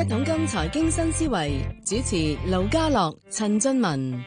一桶金財經新思維，主持劉家樂、陳俊文，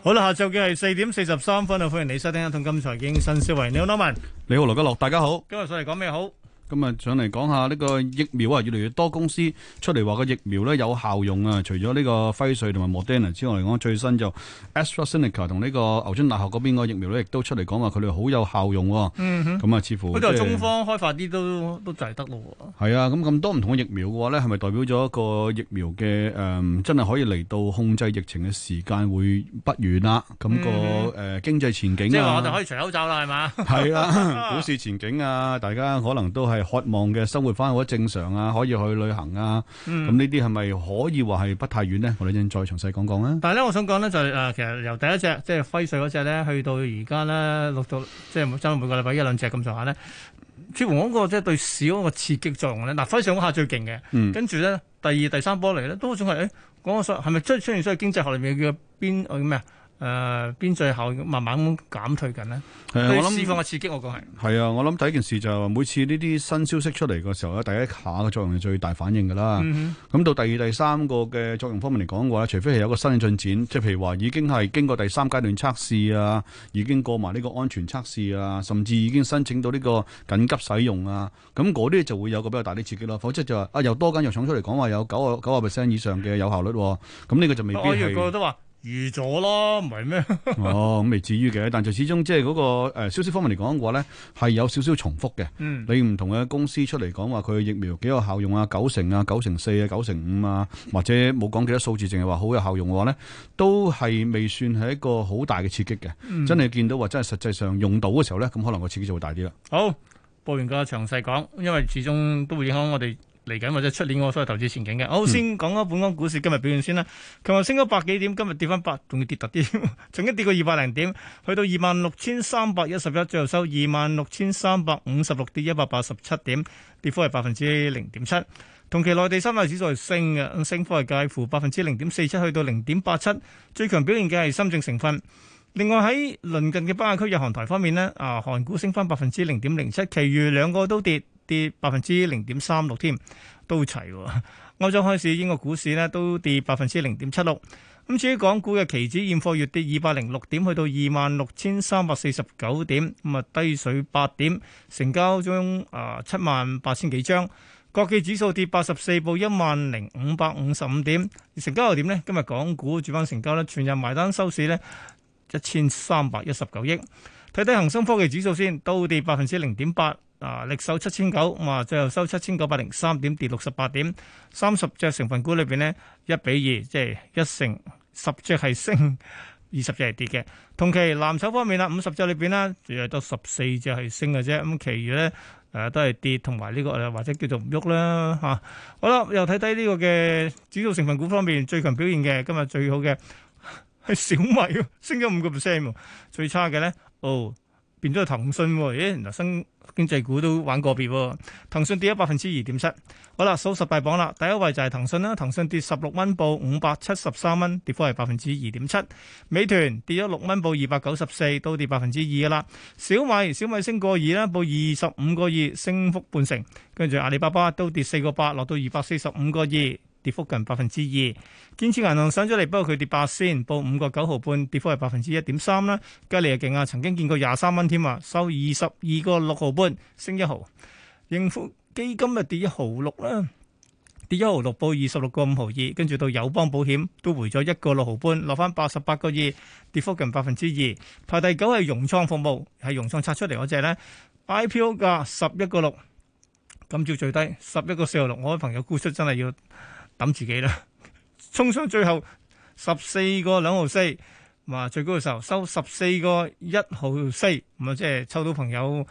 好啦，下晝嘅係四點四十三分啊！歡迎你收聽一桶金財經新思維，你好，Norman，你好，劉家樂，大家好，今日上嚟講咩好？咁啊，上嚟講下呢個疫苗啊，越嚟越多公司出嚟話個疫苗咧有效用啊。除咗呢個輝瑞同埋 Moderna 之外嚟講，最新就 AstraZeneca 同呢個牛津大學嗰邊個疫苗咧，亦都出嚟講話佢哋好有效用。嗯咁哼啊，似乎嗰就是、中方開發啲都都就係得咯。係啊，咁咁多唔同嘅疫苗嘅話咧，係咪代表咗一個疫苗嘅誒、嗯，真係可以嚟到控制疫情嘅時間會不遠啦、啊？咁、那個誒、嗯哼呃、經濟前景、啊，即係我哋可以除口罩啦，係嘛？係 啊，股市前景啊，大家可能都係。渴望嘅生活翻好正常啊，可以去旅行啊，咁呢啲係咪可以話係不太遠呢？我哋再詳細講講啊。但係咧，我想講呢就誒、係呃，其實由第一隻即係輝瑞嗰隻呢，去到而家呢，六到即係每週每個禮拜一兩隻咁上下呢，那個、即係講個即係對市嗰個刺激作用呢，嗱、啊，輝瑞嗰下最勁嘅，嗯、跟住呢，第二、第三波嚟呢，都仲係誒，講個衰係咪出出現咗經濟學裏面叫邊叫咩啊？誒，邊、呃、最後慢慢咁減退緊、啊、我佢釋放嘅刺激，我講係係啊！我諗第一件事就係話，每次呢啲新消息出嚟嘅時候咧，第一下嘅作用係最大反應嘅啦。咁、嗯、哼到第二、第三個嘅作用方面嚟講嘅話，除非係有個新嘅進展，即係譬如話已經係經過第三階段測試啊，已經過埋呢個安全測試啊，甚至已經申請到呢個緊急使用啊，咁嗰啲就會有個比較大啲刺激咯。否則就話、是、啊，又多間藥廠出嚟講話有九啊九啊 percent 以上嘅有效率，咁呢個就未必係。都話。預咗咯，唔係咩？ 哦，咁未至於嘅，但就始終即係嗰個誒、呃，消息方面嚟講嘅話咧，係有少少重複嘅。嗯，你唔同嘅公司出嚟講話佢疫苗幾有效用啊，九成啊，九成四啊，九成五啊，或者冇講幾多數字，淨係話好有效用嘅話咧，都係未算係一個好大嘅刺激嘅。嗯、真係見到話真係實際上用到嘅時候咧，咁可能個刺激就會大啲啦。好，報完個詳細講，因為始終都會影響我哋。嚟緊或者出年我所謂投資前景嘅，好，先講下本港股市今日表現先啦。琴日升咗百幾點，今日跌翻百，仲要跌突啲，曾經跌過二百零點，去到二萬六千三百一十一，最後收二萬六千三百五十六，跌一百八十七點，跌幅係百分之零點七。同期內地三大指數係升嘅，升幅係介乎百分之零點四七，去到零點八七。最強表現嘅係深圳成分。另外喺鄰近嘅北亞區日韓台方面呢，啊，韓股升翻百分之零點零七，其餘兩個都跌。跌百分之零點三六，添都齊。歐洲開市，英國股市呢都跌百分之零點七六。咁至於港股嘅期指現貨月跌二百零六點，去到二萬六千三百四十九點，咁啊低水八點，成交中啊七萬八千幾張。國企指數跌八十四，報一萬零五百五十五點，成交又點呢？今日港股主板成交呢全日埋單收市呢一千三百一十九億。睇睇恒生科技指數先，都跌百分之零點八。啊，力守七千九，啊，最後收七千九百零三點，跌六十八點。三十隻成分股裏邊咧，一比二，即係一成十隻係升，二十隻係跌嘅。同期藍籌方面啦，五十隻裏邊咧，仲有得十四隻係升嘅啫，咁其餘咧誒、呃、都係跌同埋呢個或者叫做唔喐啦嚇。好啦，又睇睇呢個嘅指數成分股方面最強表現嘅，今日最好嘅係小米，啊，升咗五個 percent。最差嘅咧，哦。變咗係騰訊，原來新經濟股都玩個別喎。騰訊跌咗百分之二點七。好啦，數十大榜啦，第一位就係騰訊啦。騰訊跌十六蚊，報五百七十三蚊，跌幅係百分之二點七。美團跌咗六蚊，報二百九十四，都跌百分之二啦。小米，小米升個二啦，報二十五個二，升幅半成。跟住阿里巴巴都跌四個八，落到二百四十五個二。跌幅近百分之二，建設銀行上咗嚟，不過佢跌八仙，報五個九毫半，跌幅係百分之一點三啦。吉利又勁啊，曾經見過廿三蚊添啊，收二十二個六毫半，升一毫。盈富基金啊，跌一毫六啦，跌一毫六，報二十六個五毫二。跟住到友邦保險都回咗一個六毫半，落翻八十八個二，跌幅近百分之二。排第九係融創服務，係融創拆出嚟嗰隻呢 IPO 價十一個六，今朝最低十一個四毫六。46, 我位朋友估出真係要。抌自己啦，衝上最後十四個兩毫四，哇！最高嘅時候收十四個一毫四，咁啊，即係抽到朋友誒、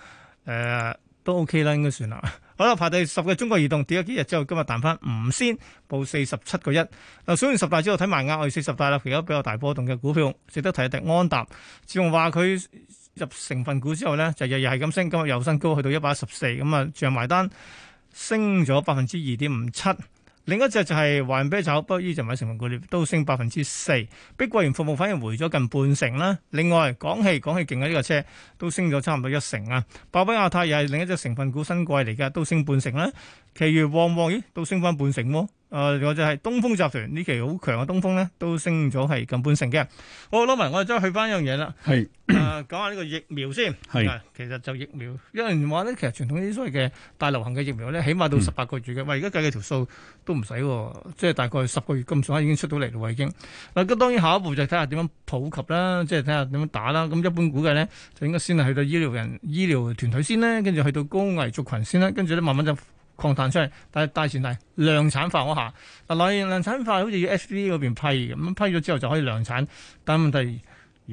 呃、都 OK 啦，應該算啦。 好啦，排第十嘅中國移動跌咗幾日之後，今日彈翻五仙，報四十七個一。誒、啊，數完十大之後，睇埋額外四十大啦。而家比較大波動嘅股票，值得提一提安踏。自從話佢入成分股之後咧，就日日係咁升，今日又新高去到一百一十四，咁啊，漲埋單升咗百分之二點五七。另一隻就係華潤啤酒，不過依就買成分股，列都升百分之四。碧桂園服務反而回咗近半成啦。另外，港氣港氣勁嘅呢個車都升咗差唔多一成啊。百威亞太又係另一隻成分股，新貴嚟噶都升半成啦。其餘旺旺咦都升翻半成喎。誒，我就係東風集團呢期好強嘅東風呢，都升咗係近半成嘅。好， 好老文，我哋再去翻一樣嘢啦。係、 呃，講下呢個疫苗先。係， 其實就疫苗，因為人話咧，其實傳統啲所謂嘅大流行嘅疫苗咧，起碼到十八個月嘅。喂、嗯，而家計嘅條數都唔使，即係大概十個月咁上下已經出到嚟啦，已經。嗱，咁當然下一步就睇下點樣普及啦，即係睇下點樣打啦。咁一般估計咧，就應該先係去到醫療人、醫療團隊先咧，跟住去到高危族群先啦，跟住咧慢慢就。狂彈出嚟，但係大前提量產化我下，嗱，量量產化好似要 S D 嗰邊批，咁樣批咗之後就可以量產，但問題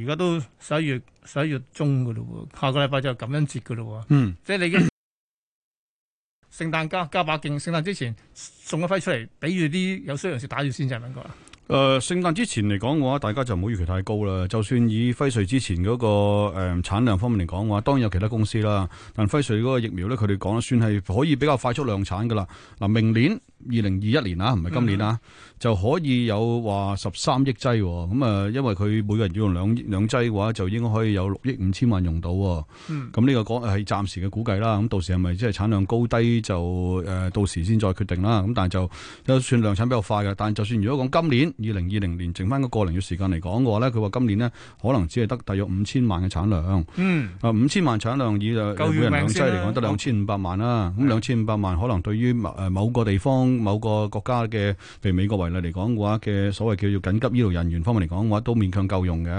而家都十一月十一月中嘅咯喎，下個禮拜就感恩節嘅咯喎，嗯，即係你已經 聖誕加加把勁，聖誕之前送一批出嚟，俾住啲有需要人士打住先就係咁個啦。誒，聖誕、呃、之前嚟講嘅話，大家就唔好預期太高啦。就算以輝瑞之前嗰、那個誒、呃、產量方面嚟講嘅話，當然有其他公司啦。但輝瑞嗰個疫苗咧，佢哋講算係可以比較快速量產噶啦。嗱、呃，明年二零二一年啦、啊，唔係今年啦、啊。就可以有話十三億劑、哦，咁、嗯、啊，因為佢每個人要用兩兩劑嘅話，就應該可以有六億五千萬用到、哦。嗯，咁呢個講係暫時嘅估計啦。咁、嗯、到時係咪即係產量高低就誒、呃、到時先再決定啦。咁、嗯、但係就都算量產比較快嘅。但係就算如果講今年二零二零年剩翻個零月嘅時間嚟講嘅話咧，佢話今年呢可能只係得大約五千萬嘅產量。嗯，啊五、呃、千萬產量以兩夠遠 人兩劑嚟講得兩千五百萬啦。咁兩千五百萬可能對於誒某個地方、某個國家嘅譬如美國為嚟嚟講嘅話嘅所謂叫做緊急醫療人員方面嚟講嘅話，都勉強夠用嘅。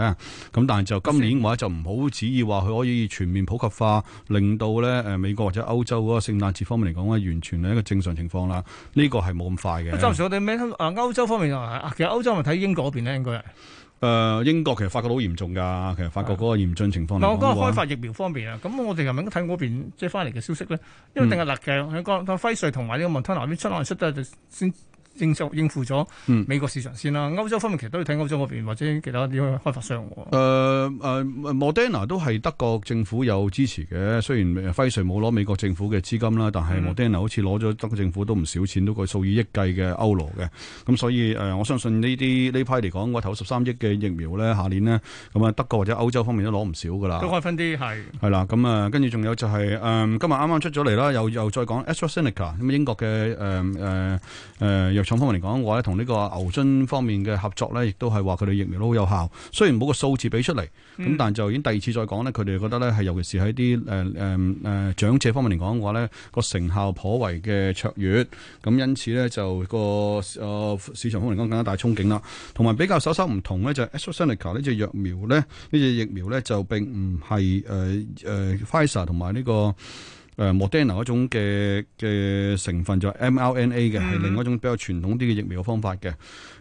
咁但係就今年嘅話就唔好旨意話佢可以全面普及化，令到咧誒美國或者歐洲嗰個聖誕節方面嚟講，完全係一個正常情況啦。呢個係冇咁快嘅。暫時我哋咩？歐洲方面其實歐洲咪睇英國嗰邊咧，應該係英國其實發覺好嚴重㗎。其實發覺嗰個嚴峻情況。嗱，我覺得開發疫苗方面啊，咁我哋係咪應該睇嗰邊即係翻嚟嘅消息呢？因為定係立即喺個輝瑞同埋呢個莫德納出出得先。應應付咗美國市場先啦，歐洲方面其實都要睇歐洲嗰邊或者其他啲開發商。m 誒誒，莫德納都係德國政府有支持嘅，雖然輝瑞冇攞美國政府嘅資金啦，但係莫德納好似攞咗德國政府都唔少錢，都個數以億計嘅歐羅嘅。咁所以誒，uh, 我相信呢啲呢排嚟講，個頭十三億嘅疫苗咧，下年呢，咁啊，德國或者歐洲方面都攞唔少噶啦。都開分啲係。係啦，咁、嗯、啊，跟住仲有就係、是、誒、嗯，今日啱啱出咗嚟啦，又又再講 AstraZeneca 咁英國嘅誒誒誒廠方面嚟講嘅話咧，同呢個牛津方面嘅合作咧，亦都係話佢哋疫苗都好有效。雖然冇個數字俾出嚟，咁、嗯、但係就已經第二次再講咧，佢哋覺得咧係尤其是喺啲誒誒誒長者方面嚟講嘅話咧，個成效頗為嘅卓越。咁因此咧就、那個誒、呃、市場方面嚟講更加大憧憬啦。同埋比較稍稍唔同咧，就是、AstraZeneca 呢隻疫苗咧，呢、這、隻、個、疫苗咧就並唔係誒誒 Pfizer 同埋呢個。誒、呃、Moderna 嗰種嘅嘅成分就係 mRNA 嘅，係另外一種比較傳統啲嘅疫苗嘅方法嘅。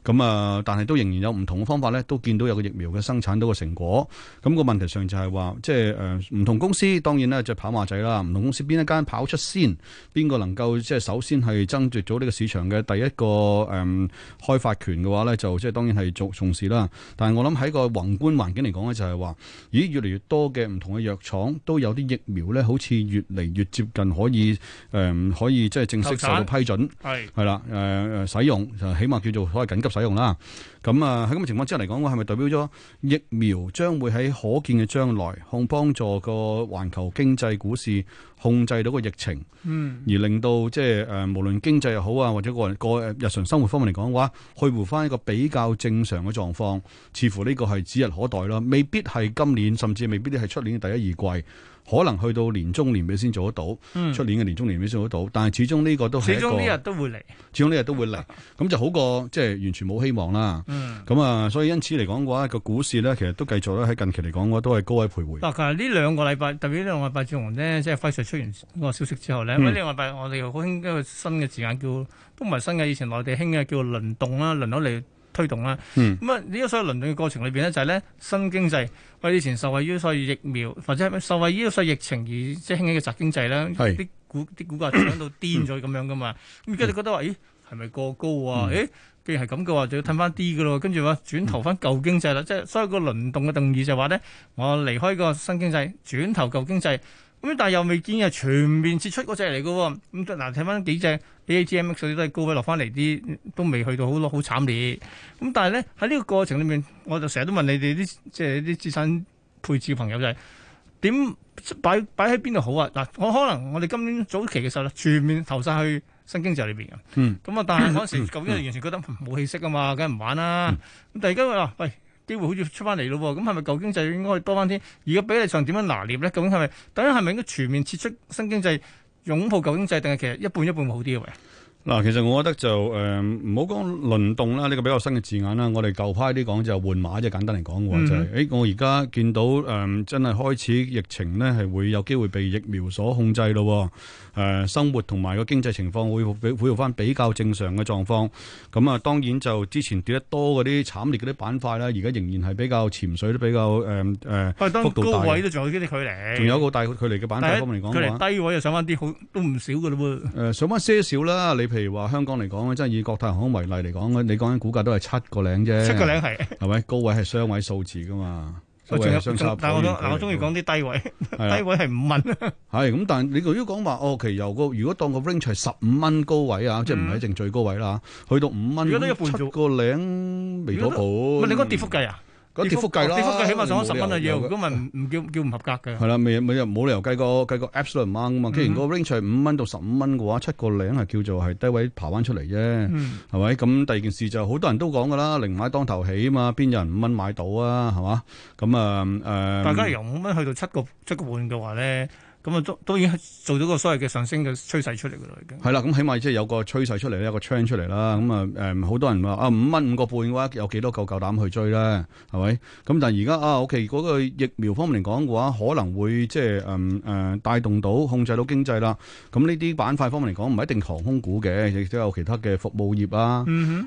咁、嗯、啊、呃，但係都仍然有唔同嘅方法咧，都見到有個疫苗嘅生產到個成果。咁、嗯、個問題上就係話，即係誒唔同公司當然咧就跑馬仔啦。唔同公司邊一間跑出先，邊個能夠即係首先係爭奪咗呢個市場嘅第一個誒、嗯、開發權嘅話咧，就即係當然係重重視啦。但係我諗喺個宏觀環境嚟講咧，就係話，咦，越嚟越多嘅唔同嘅藥廠都有啲疫苗咧，好似越嚟越接近可以，誒、呃，可以即係正式受到批准，係係啦，誒、呃，使用，起碼叫做可以緊急使用啦。咁啊，喺咁嘅情況之下嚟講，我係咪代表咗疫苗將會喺可見嘅將來，控幫助個環球經濟股市控制到個疫情，嗯，而令到即係誒，無論經濟又好啊，或者個人個日常生活方面嚟講嘅話，去回翻一個比較正常嘅狀況，似乎呢個係指日可待啦，未必係今年，甚至未必係出年嘅第一、二季。可能去到年中年尾先做得到，出、嗯、年嘅年中年尾先做得到，但係始終呢個都係始終呢日都會嚟，始終呢日都會嚟，咁 就好過即係、就是、完全冇希望啦。咁啊、嗯，所以因此嚟講嘅話，個股市咧其實都繼續咧喺近期嚟講嘅話都係高位徘徊。其實呢兩個禮拜特別呢兩個禮拜之後呢，即係輝瑞出完個消息之後咧，呢兩、嗯、個禮拜我哋好興一個新嘅字眼叫都唔係新嘅，以前內地興嘅叫輪動啦，輪到嚟。推動啦，咁啊呢個所有輪動嘅過程裏邊咧，就係咧新經濟我以前受惠於所以疫苗或者受惠於所以疫情而即係興起嘅宅經濟咧，啲是股啲股價度到癲咗咁樣噶嘛，咁而家就覺得話，嗯、咦係咪過高啊？誒，既然係咁嘅話，就要褪翻啲嘅咯，跟住話轉投翻舊經濟啦，即係、嗯嗯、所，所有個輪動嘅定義就係話咧，我離開個新經濟，轉投舊經濟。咁但係又未見係全面撤出嗰隻嚟噶。咁嗱，睇翻幾隻 A、T、M，所以都係高位落翻嚟啲，都未去到好咯、好慘烈。咁但係咧，喺呢個過程裏面，我就成日都問你哋啲即係啲資產配置嘅朋友就係、係、點擺擺喺邊度好啊？嗱，我可能我哋今年早期嘅時候咧，全面投晒去新經濟裏邊嘅。嗯。咁啊，但係嗰陣時咁樣完全覺得冇氣息啊嘛，梗係唔玩啦、啊。咁突然間啊，喂！機會好似出翻嚟咯，咁係咪舊經濟應該多翻啲？而家比例上點樣拿捏咧？究竟係咪？等於係咪應該全面撤出新經濟，擁抱舊經濟，定係其實一半一半好啲啊？嗱，其實我覺得就誒唔好講輪動啦，呢、這個比較新嘅字眼啦。我哋舊派啲講就換馬，就係簡單嚟講嘅話，嗯、就係、是、誒、欸、我而家見到誒、嗯、真係開始疫情咧，係會有機會被疫苗所控制咯。誒、呃、生活同埋個經濟情況會恢復翻比較正常嘅狀況。咁、嗯、啊，當然就之前跌得多嗰啲慘烈嗰啲板塊啦，而家仍然係比較潛水都比較誒誒、呃、高位都仲有啲距離，仲有一個大距離嘅板塊方面嚟講低位又上翻啲，好都唔少嘅咯噃。上翻些少啦，你譬如話香港嚟講，真係以國泰航空為例嚟講，你講緊股價都係七個零啫，七個零係，係咪高位係雙位數字噶嘛？高位雙七，但我講我中意講啲低位，啊、低位係五蚊。係咁、啊， 但係你如果講話哦，其由個如果當個 range 係十五蚊高位啊，嗯、即係唔係淨最高位啦，去到五蚊，如果都一半，個零未妥妥。咪你講跌幅計啊？跌幅計啦，跌幅，幅起碼上咗十蚊啊要，如果唔叫叫唔合格嘅。係啦後，未未冇理由計個計個 absolute 唔啱啊嘛。既然 n 拎出五蚊到十五蚊嘅話，七個零係叫做係低位爬翻出嚟啫，係咪，嗯？咁，嗯嗯，第二件事就好多人都講噶啦，零買當頭起啊嘛，邊有人五蚊買到啊？係嘛？咁啊誒，大，嗯，家由五蚊去到七個七個半嘅話咧。咁、嗯、啊，都已經做咗個所謂嘅上升嘅趨勢出嚟嘅啦，已經係啦。咁起碼即係有個趨勢出嚟咧，有個 trend 出嚟啦。咁啊，誒好多人話啊，五蚊五個半嘅話，有幾多夠夠膽去追咧？係咪？咁但係而家啊，OK，嗰個疫苗方面嚟講嘅話，可能會即係誒誒帶動到控制到經濟啦。咁呢啲板塊方面嚟講，唔一定航空股嘅，亦都有其他嘅服務業啊，誒誒、嗯哼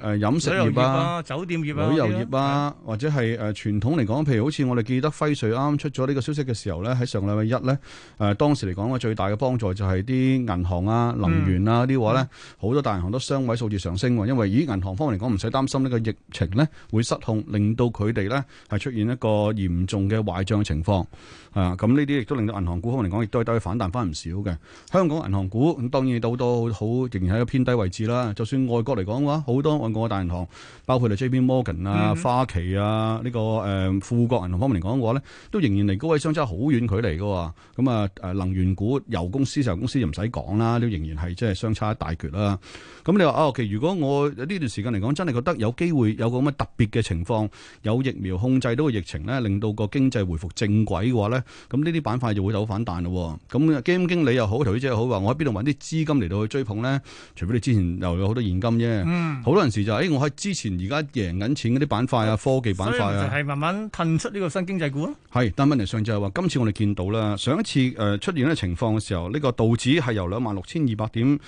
呃、飲食業啊、業啊酒店業、啊、旅遊業啊，的或者係誒傳統嚟講，譬如好似我哋記得輝瑞啱出咗呢個消息嘅時候咧，喺上個禮拜一咧。誒、啊，當時嚟講嘅最大嘅幫助就係啲銀行啊、能源啊啲話咧，好、嗯、多大銀行都雙位數字上升。因為，以銀行方面嚟講唔使擔心呢個疫情咧會失控，令到佢哋咧係出現一個嚴重嘅壞賬情況。啊，咁呢啲亦都令到銀行股方面嚟講，亦都係帶佢反彈翻唔少嘅。香港銀行股當然到到好仍然喺個偏低位置啦。就算外國嚟講嘅話，好多外國嘅大銀行，包括嚟 JPMorgan 啊、嗯、花旗啊呢、這個誒、嗯、富國銀行方面嚟講嘅話咧，都仍然離高位相差好遠距離嘅。咁啊，誒，能源股、油公司、石油公司就唔使講啦，都仍然係即係相差一大橛啦。咁你話哦，其實如果我呢段時間嚟講，真係覺得有機會有個咁嘅特別嘅情況，有疫苗控制到個疫情咧，令到個經濟回復正軌嘅話咧，咁呢啲板塊就會好反彈咯。咁基金經理又好，投資者又好，話我喺邊度揾啲資金嚟到去追捧咧？除非你之前又有好多現金啫。好、嗯、多人時就誒，我喺之前而家贏緊錢嗰啲板塊啊，嗯、科技板塊啊。就係慢慢褪出呢個新經濟股咯。係，但問題上就係話，今次我哋見到啦，上一。次誒出現咧情況嘅時候，呢、呢個道指係由兩萬六千二百點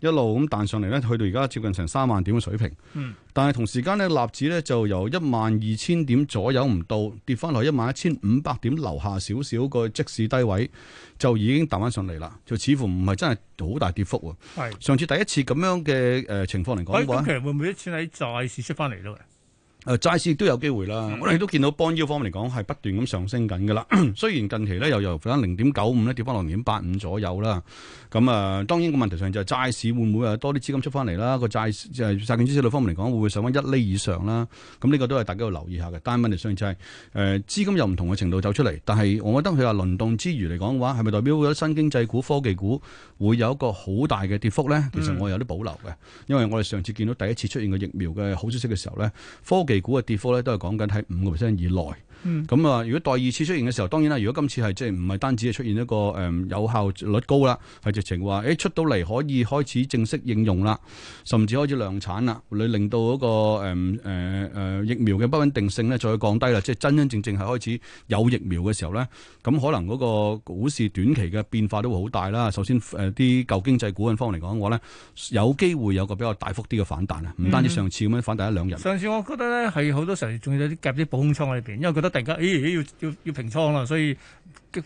一路咁彈上嚟咧，去到而家接近成三萬點嘅水平。嗯，但係同時間咧，納指咧就由一萬二千點左右唔到跌翻落一萬一千五百點樓下少少個即市低位，就已經彈翻上嚟啦。就似乎唔係真係好大跌幅喎。是上次第一次咁樣嘅誒情況嚟講嘅話，短是、哎嗯、會唔會一次喺債市出翻嚟咯？誒、呃、債市都有機會啦，嗯、我哋都見到 b 腰方面嚟講係不斷咁上升緊嘅啦。 雖然近期咧又由翻零點九五咧跌翻落零點八五左右啦。咁、嗯、啊，當然個問題上就係債市會唔會啊多啲資金出翻嚟啦？個債即係債券資息率方面嚟講，會唔會上翻一厘以上啦？咁、嗯、呢、嗯、個都係大家要留意下嘅。但單問題上就係誒資金又唔同嘅程度走出嚟，但係我覺得佢話輪動之餘嚟講嘅話，係咪代表咗新經濟股、科技股會有一個好大嘅跌幅咧？其實我有啲保留嘅，因為我哋上次見到第一次出現個疫苗嘅好消息嘅時候咧，科技。美股嘅跌幅咧，都係講緊喺五個 percent 以內。咁啊，如果第二次出現嘅時候，當然啦，如果今次係即係唔係單止係出現一個誒、呃、有效率高啦，係直情話誒出到嚟可以開始正式應用啦，甚至開始量產啦，你令到嗰、那個誒誒誒疫苗嘅不穩定性咧再降低啦，即係真真正正係開始有疫苗嘅時候咧，咁可能嗰個股市短期嘅變化都會好大啦。首先誒啲舊經濟股份方面嚟講嘅話咧，有機會有個比較大幅啲嘅反彈啊，唔單止上次咁樣反彈一兩日。上次我覺得咧。係好多時候仲要夾啲保空倉喺邊，因為覺得突然間咦要要要平倉啦，所以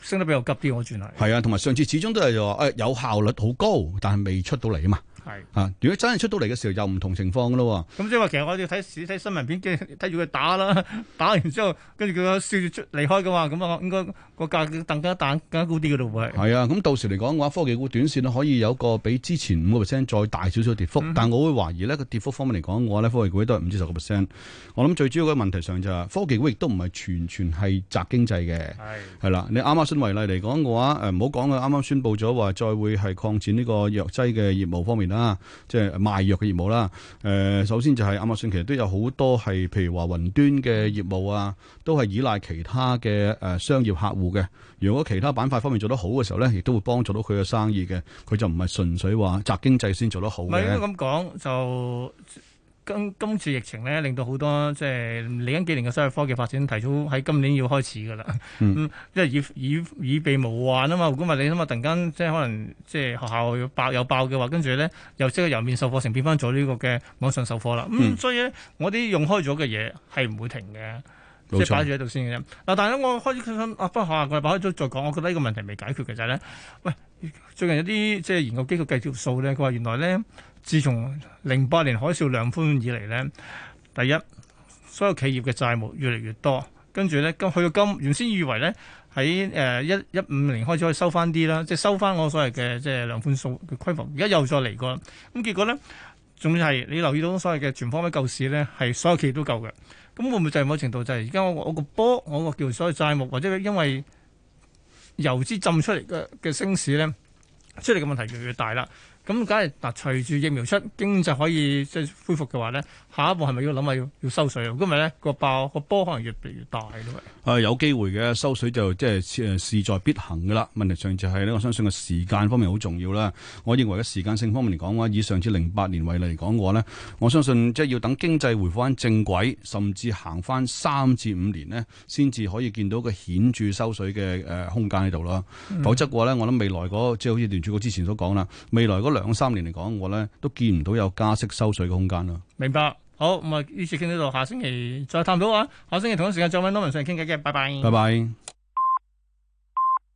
升得比較急啲，我轉嚟係啊，同埋上次始終都係就話誒，有效率好高，但係未出到嚟啊嘛。係啊！如果真係出到嚟嘅時候又唔同情況㗎咯喎，咁即係話其實我要睇睇新聞片，跟住睇住佢打啦，打完之後跟住佢笑住出離開嘅話，咁啊應該個價更加彈更加高啲嘅咯，會係。係啊，咁到時嚟講嘅話，科技股短線可以有個比之前五個 percent 再大少少跌幅，嗯、哼但我會懷疑呢個跌幅方面嚟講嘅話咧，科技股都係五至十個 percent。嗯、我諗最主要嘅問題上就係、是、科技股亦都唔係全全係宅經濟嘅，係係啦。你啱啱新為例嚟講嘅話，誒唔好講佢啱啱宣布咗話再會係擴展呢個藥劑嘅業務方面啊，即係賣藥嘅業務啦。誒、呃，首先就係亞馬遜其實都有好多係，譬如話雲端嘅業務啊，都係依賴其他嘅誒、呃、商業客戶嘅。如果其他板塊方面做得好嘅時候咧，亦都會幫助到佢嘅生意嘅。佢就唔係純粹話宅經濟先做得好嘅。唔係應該咁講就。今今次疫情咧，令到好多即係嚟緊幾年嘅商業科技發展提早喺今年要開始噶啦。嗯，因為以以以備無患啊嘛。如果唔係你諗下，突然間即係可能即係學校有爆又爆嘅話，跟住咧又即係由面授課程變翻咗呢個嘅網上授課啦。咁、嗯嗯、所以咧，我啲用開咗嘅嘢係唔會停嘅，即係擺住喺度先嘅啫。嗱，但係我開始想啊，不過下個禮拜再再講。我覺得呢個問題未解決嘅就係、是、咧，喂，最近有啲即係研究機構計條數咧，佢話原來咧。自從零八年海嘯量寬以嚟咧，第一所有企業嘅債務越嚟越多，跟住咧今去到今，原先以為咧喺誒一一五年開始可以收翻啲啦，即係收翻我所謂嘅即係量寬數嘅規模，而家又再嚟過，咁結果咧，仲要係你留意到所謂嘅全方位救市咧，係所有企業都救嘅，咁會唔會就係某程度就係而家我我個波，我個叫所謂債務，或者因為遊資浸出嚟嘅嘅升市咧，出嚟嘅問題越嚟越大啦。咁梗係嗱，隨住疫苗出，經濟可以即係恢復嘅話咧，下一步係咪要諗下要要收水啊？今日咧個爆個波可能越嚟越大咯。誒、呃，有機會嘅收水就即係誒，事在必行㗎啦。問題上就係、是、咧，我相信個時間方面好重要啦。我認為喺時間性方面嚟講嘅話，以上次零八年為例嚟講嘅話咧，我相信即係要等經濟回翻正軌，甚至行翻三至五年咧，先至可以見到個顯著收水嘅誒、呃、空間喺度咯。嗯、否則嘅話咧，我諗未來嗰即係好似梁主哥之前所講啦，未來兩三年嚟講，我咧都見唔到有加息收水嘅空間咯。明白，好咁啊。呢次傾到呢度，下星期再探討啊。下星期同一時間再揾多文上嚟傾偈，拜拜。拜拜。